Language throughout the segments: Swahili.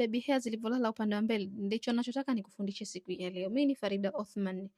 baby hair zilivyolala upande wa mbele, ndicho nachotaka nikufundishe siku ya leo. Mimi ni Farida Othman.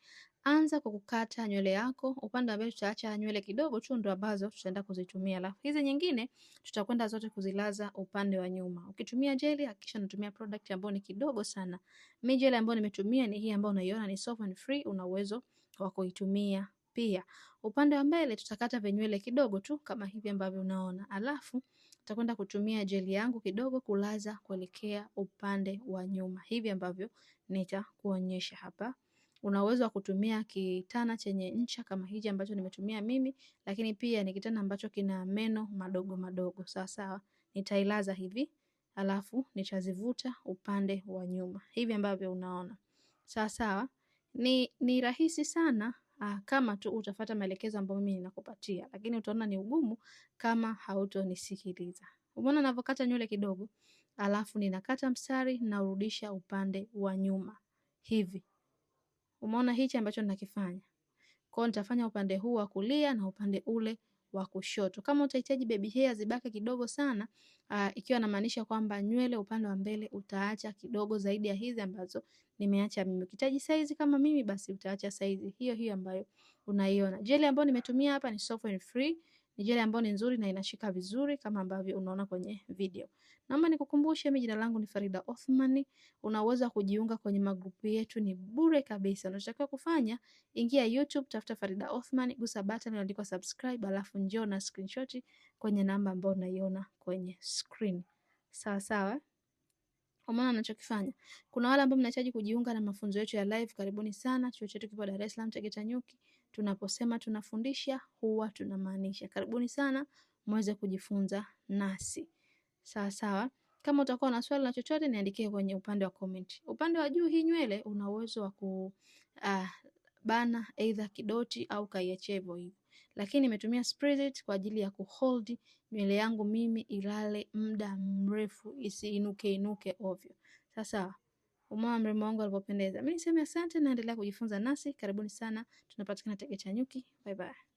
Anza kwa kukata nywele yako upande wa mbele, tutaacha nywele kidogo tu ndo ambazo tutaenda kuzitumia, alafu hizi nyingine tutakwenda zote kuzilaza upande wa nyuma. Ukitumia jeli, hakikisha unatumia product ambayo ni kidogo sana. Mimi jeli ambayo nimetumia ni hii ambayo unaiona, ni soft and free, una uwezo wa kuitumia pia. Upande wa mbele tutakata vinywele kidogo tu kama hivi ambavyo unaona, alafu Nitakwenda kutumia jeli yangu kidogo kulaza kuelekea upande wa nyuma, hivi ambavyo nitakuonyesha hapa. Una uwezo wa kutumia kitana chenye ncha kama hiji ambacho nimetumia mimi, lakini pia ni kitana ambacho kina meno madogo madogo. Sawa sawa, nitailaza hivi alafu nitazivuta upande wa nyuma hivi ambavyo unaona. Sawa sawa, ni, ni rahisi sana uh, kama tu utafata maelekezo ambayo mimi ninakupatia, lakini utaona ni ugumu kama hautonisikiliza. Umeona navyokata nywele kidogo, alafu ninakata mstari na urudisha upande wa nyuma hivi. Umeona hichi ambacho ninakifanya kwao, nitafanya upande huu wa kulia na upande ule wa kushoto. Kama utahitaji baby hair zibaki kidogo sana, uh, ikiwa namaanisha kwamba nywele upande wa mbele utaacha kidogo zaidi ya hizi ambazo nimeacha mimi. Ukihitaji saizi kama mimi, basi utaacha saizi hiyo hiyo ambayo unaiona. Jeli ambayo nimetumia hapa ni Soft and Free ni jeli ambayo ni nzuri na inashika vizuri kama ambavyo unaona kwenye video. Naomba nikukumbushe, mimi jina langu ni Farida Othman. Unaweza kujiunga kwenye magrupu yetu, ni bure kabisa. Unachotakiwa kufanya, ingia YouTube, tafuta Farida Othman, gusa button iliyoandikwa subscribe, alafu njoo na screenshot kwenye namba ambayo unaiona kwenye screen. Sawa sawa kwa maana anachokifanya. Kuna wale ambao mnahitaji kujiunga na mafunzo yetu ya live, karibuni sana. Chuo chetu kipo Dar es Salaam Tegeta Nyuki. Tunaposema tunafundisha huwa tunamaanisha. Karibuni sana muweze kujifunza nasi. Sawa sawa. Kama utakuwa na swali na chochote niandikie kwenye upande wa comment. Upande wa juu hii nywele una uwezo wa ku uh, bana aidha kidoti au kaiachia hivyo hivyo, lakini nimetumia Spirit kwa ajili ya kuhold nywele yangu mimi ilale muda mrefu isiinuke inuke ovyo. Sasa umama mrembo wangu alipopendeza, mimi niseme asante, naendelea kujifunza nasi. Karibuni sana, tunapatikana cha Nyuki. Bye bye.